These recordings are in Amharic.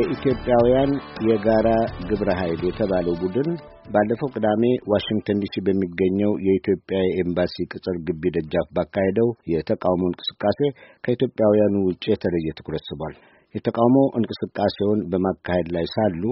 የኢትዮጵያውያን የጋራ ግብረ ኃይል የተባለው ቡድን ባለፈው ቅዳሜ ዋሽንግተን ዲሲ በሚገኘው የኢትዮጵያ የኤምባሲ ቅጽር ግቢ ደጃፍ ባካሄደው የተቃውሞ እንቅስቃሴ ከኢትዮጵያውያኑ ውጭ የተለየ ትኩረት ስቧል። የተቃውሞ እንቅስቃሴውን በማካሄድ ላይ ሳሉ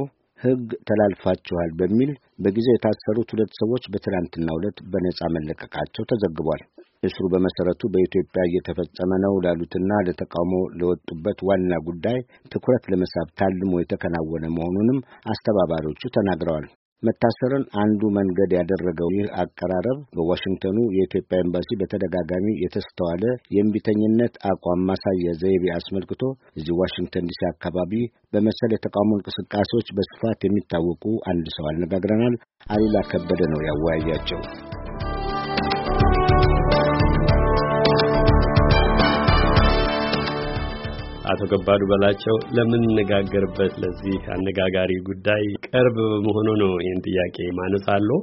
ሕግ ተላልፋችኋል በሚል በጊዜው የታሰሩት ሁለት ሰዎች በትናንትናው ዕለት በነጻ መለቀቃቸው ተዘግቧል። እስሩ በመሰረቱ በኢትዮጵያ እየተፈጸመ ነው ላሉትና ለተቃውሞ ለወጡበት ዋና ጉዳይ ትኩረት ለመሳብ ታልሞ የተከናወነ መሆኑንም አስተባባሪዎቹ ተናግረዋል። መታሰርን አንዱ መንገድ ያደረገው ይህ አቀራረብ በዋሽንግተኑ የኢትዮጵያ ኤምባሲ በተደጋጋሚ የተስተዋለ የእምቢተኝነት አቋም ማሳያ ዘይቤ አስመልክቶ እዚህ ዋሽንግተን ዲሲ አካባቢ በመሰል የተቃውሞ እንቅስቃሴዎች በስፋት የሚታወቁ አንድ ሰው አነጋግረናል። አሉላ ከበደ ነው ያወያያቸው። አቶ ገባዱ በላቸው ለምንነጋገርበት ለዚህ አነጋጋሪ ጉዳይ ቅርብ በመሆኑ ነው ይህን ጥያቄ ማነሳለሁ።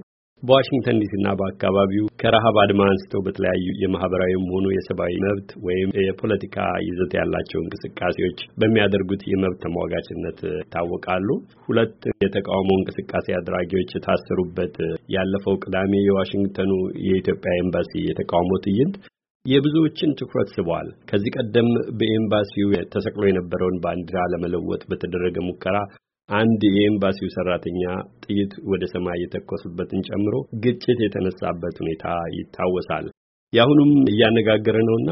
በዋሽንግተን ዲሲ እና በአካባቢው ከረሃብ አድማ አንስቶ በተለያዩ የማህበራዊም ሆኑ የሰብአዊ መብት ወይም የፖለቲካ ይዘት ያላቸው እንቅስቃሴዎች በሚያደርጉት የመብት ተሟጋችነት ይታወቃሉ። ሁለት የተቃውሞ እንቅስቃሴ አድራጊዎች የታሰሩበት ያለፈው ቅዳሜ የዋሽንግተኑ የኢትዮጵያ ኤምባሲ የተቃውሞ ትዕይንት የብዙዎችን ትኩረት ስቧል። ከዚህ ቀደም በኤምባሲው ተሰቅሎ የነበረውን ባንዲራ ለመለወጥ በተደረገ ሙከራ አንድ የኤምባሲው ሰራተኛ ጥይት ወደ ሰማይ የተኮሱበትን ጨምሮ ግጭት የተነሳበት ሁኔታ ይታወሳል። የአሁኑም እያነጋገረ ነውና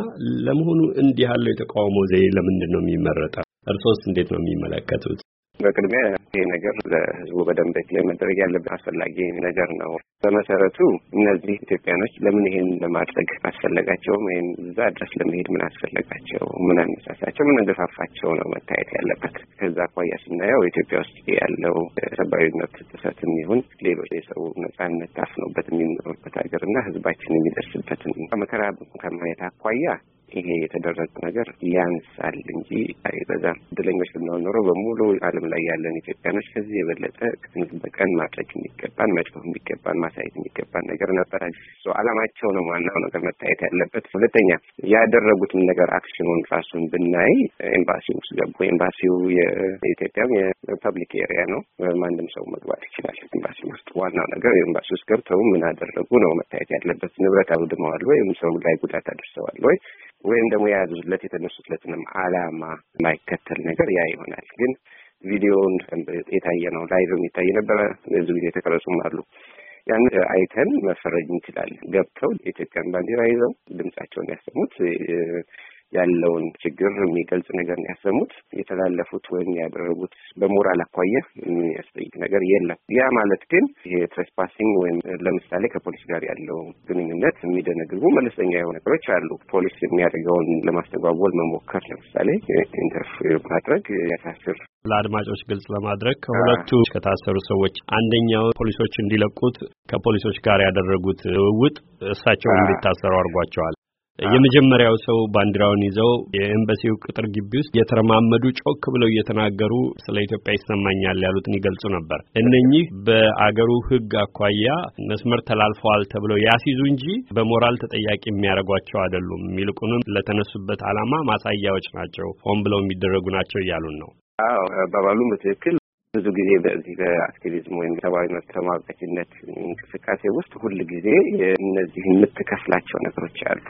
ለመሆኑ እንዲህ ያለው የተቃውሞ ዘዬ ለምንድን ነው የሚመረጠው? እርሶስ እንዴት ነው የሚመለከቱት? በቅድሚያ ይሄ ነገር ለህዝቡ በደንብ ላይ መደረግ ያለበት አስፈላጊ ነገር ነው። በመሰረቱ እነዚህ ኢትዮጵያኖች ለምን ይሄን ለማድረግ አስፈለጋቸውም ወይም እዛ ድረስ ለመሄድ ምን አስፈለጋቸው፣ ምን አነሳሳቸው፣ ምን እንደፋፋቸው ነው መታየት ያለበት። ከዛ አኳያ ስናየው ኢትዮጵያ ውስጥ ያለው ሰብአዊ መብት ጥሰትም ይሁን ሌሎች የሰው ነጻነት ታፍኖበት የሚኖርበት ሀገር እና ህዝባችን የሚደርስበትን መከራ ከማየት አኳያ ይሄ የተደረገ ነገር ያንሳል እንጂ አይበዛም። እድለኞች ብናሆን ኖሮ በሙሉ ዓለም ላይ ያለን ኢትዮጵያኖች ከዚህ የበለጠ ቀን በቀን ማድረግ የሚገባን መድፈፍ የሚገባን ማሳየት የሚገባን ነገር ነበረ። አላማቸው ነው ዋናው ነገር መታየት ያለበት። ሁለተኛ ያደረጉትን ነገር አክሽኑን ራሱን ብናይ ኤምባሲ ውስጥ ገቡ። ኤምባሲው የኢትዮጵያ የፐብሊክ ኤሪያ ነው። ማንም ሰው መግባት ይችላል ኤምባሲ ውስጥ። ዋናው ነገር ኤምባሲ ውስጥ ገብተው ምን አደረጉ ነው መታየት ያለበት። ንብረት አውድመዋል ወይ? ሰው ላይ ጉዳት አድርሰዋል ወይ? ወይም ደግሞ የያዙለት የተነሱትለትንም አላማ የማይከተል ነገር ያ ይሆናል። ግን ቪዲዮውን የታየ ነው፣ ላይቭም የታየ ነበረ፣ ብዙ ጊዜ የተቀረጹም አሉ። ያን አይተን መፈረጅ እንችላለን። ገብተው የኢትዮጵያን ባንዲራ ይዘው ድምጻቸውን ያሰሙት ያለውን ችግር የሚገልጽ ነገር ነው ያሰሙት። የተላለፉት ወይም ያደረጉት በሞራል አኳየ የሚያስጠይቅ ነገር የለም። ያ ማለት ግን ይሄ ትሬስፓሲንግ ወይም ለምሳሌ ከፖሊስ ጋር ያለው ግንኙነት የሚደነግጉ መለስተኛ የሆኑ ነገሮች አሉ። ፖሊስ የሚያደርገውን ለማስተጓጎል መሞከር፣ ለምሳሌ ኢንተርፌር ማድረግ ያሳስር ለአድማጮች ግልጽ ለማድረግ ከሁለቱ ከታሰሩ ሰዎች አንደኛው ፖሊሶች እንዲለቁት ከፖሊሶች ጋር ያደረጉት ልውውጥ እሳቸው እንዲታሰሩ አድርጓቸዋል። የመጀመሪያው ሰው ባንዲራውን ይዘው የኤምባሲው ቅጥር ግቢ ውስጥ የተረማመዱ ጮክ ብለው እየተናገሩ ስለ ኢትዮጵያ ይሰማኛል ያሉትን ይገልጹ ነበር። እነኚህ በአገሩ ሕግ አኳያ መስመር ተላልፈዋል ተብለው ያስይዙ እንጂ በሞራል ተጠያቂ የሚያደርጓቸው አይደሉም። ይልቁንም ለተነሱበት ዓላማ ማሳያዎች ናቸው፣ ሆን ብለው የሚደረጉ ናቸው እያሉን ነው። አዎ አባባሉም በትክክል ብዙ ጊዜ በዚህ በአክቲቪዝም ወይም ሰብአዊ መብት ተሟጋችነት እንቅስቃሴ ውስጥ ሁል ጊዜ እነዚህ የምትከፍላቸው ነገሮች አሉ።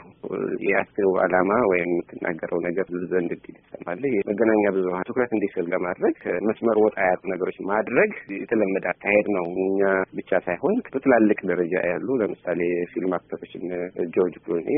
የአክቲቭ አላማ ወይም የምትናገረው ነገር ብዙ ዘንድ እንዲል ይሰማል። መገናኛ ብዙኃን ትኩረት እንዲስብ ለማድረግ መስመር ወጣ ያሉ ነገሮች ማድረግ የተለመደ አካሄድ ነው። እኛ ብቻ ሳይሆን በትላልቅ ደረጃ ያሉ ለምሳሌ ፊልም አክተሮች ጆርጅ ክሉኒ፣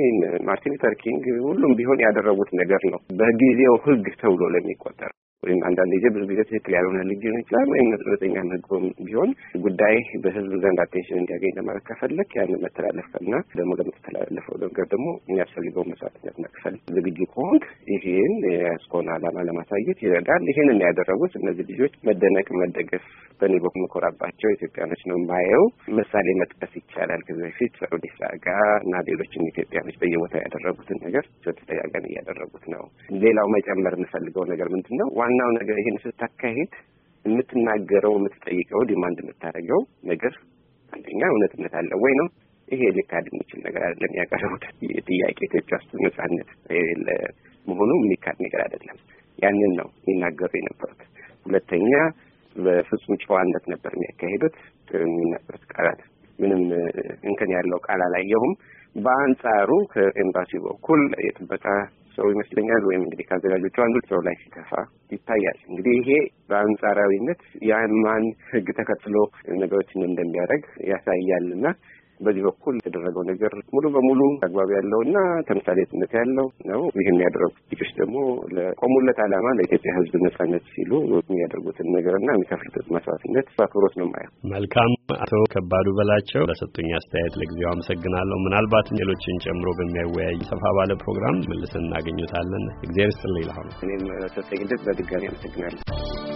ማርቲን ሉተር ኪንግ ሁሉም ቢሆን ያደረጉት ነገር ነው። በጊዜው ህግ ተብሎ ለሚቆጠር ወይም አንዳንድ ጊዜ ብዙ ጊዜ ትክክል ያልሆነ ልጅ ሊሆን ይችላል። ወይም መሰረተኛ ምግቦም ቢሆን ጉዳይ በህዝብ ዘንድ አቴንሽን እንዲያገኝ ለማድረግ ከፈለግ ያን መተላለፍ እና ደግሞ ለምትተላለፈው ነገር ደግሞ የሚያስፈልገውን መስዋዕትነት መክፈል ዝግጁ ከሆንክ ይህን የስኮን አላማ ለማሳየት ይረዳል። ይህንን ያደረጉት እነዚህ ልጆች መደነቅ፣ መደገፍ በእኔ በኩል መኮራባቸው ኢትዮጵያኖች ነው የማየው። ምሳሌ መጥቀስ ይቻላል። ከዚህ በፊት ፈሩዴሳ ጋ እና ሌሎችን ኢትዮጵያኖች በየቦታ ያደረጉትን ነገር በተደጋጋሚ እያደረጉት ነው። ሌላው መጨመር የምፈልገው ነገር ምንድን ነው? ዋናው ነገር ይህን ስታካሄድ የምትናገረው የምትጠይቀው ዲማንድ የምታደርገው ነገር አንደኛ እውነትነት አለ ወይ ነው። ይሄ ሊካድ የሚችል ነገር አይደለም። ያቀረቡት የጥያቄ ኢትዮጵያ ውስጥ ነጻነት የሌለ መሆኑ የሚካድ ነገር አይደለም። ያንን ነው ይናገሩ የነበሩት። ሁለተኛ በፍጹም ጨዋነት ነበር የሚያካሂዱት። የሚናገሩት ቃላት ምንም እንከን ያለው ቃል አላየሁም። በአንጻሩ ከኤምባሲው በኩል የጥበቃ ሰው ይመስለኛል ወይም እንግዲህ ከአዘጋጆቹ አንዱ ሰው ላይ ሲከፋ ይታያል። እንግዲህ ይሄ በአንጻራዊነት የማን ህግ ተከትሎ ነገሮችን እንደሚያደርግ ያሳያል እና በዚህ በኩል የተደረገው ነገር ሙሉ በሙሉ አግባብ ያለው እና ተምሳሌትነት ያለው ነው። ይህን ያደረጉት ዜጎች ደግሞ ለቆሙለት ዓላማ ለኢትዮጵያ ሕዝብ ነጻነት ሲሉ የሚያደርጉትን ነገርና የሚከፍሉት መስዋዕትነት በአክብሮት ነው ማየው። መልካም። አቶ ከባዱ በላቸው ለሰጡኝ አስተያየት ለጊዜው አመሰግናለሁ። ምናልባትም ሌሎችን ጨምሮ በሚያወያይ ሰፋ ባለ ፕሮግራም መልስ እናገኙታለን። እግዚአብሔር ይስጥልኝ። እኔም ሰጠኝ ድል በድጋሚ አመሰግናለሁ።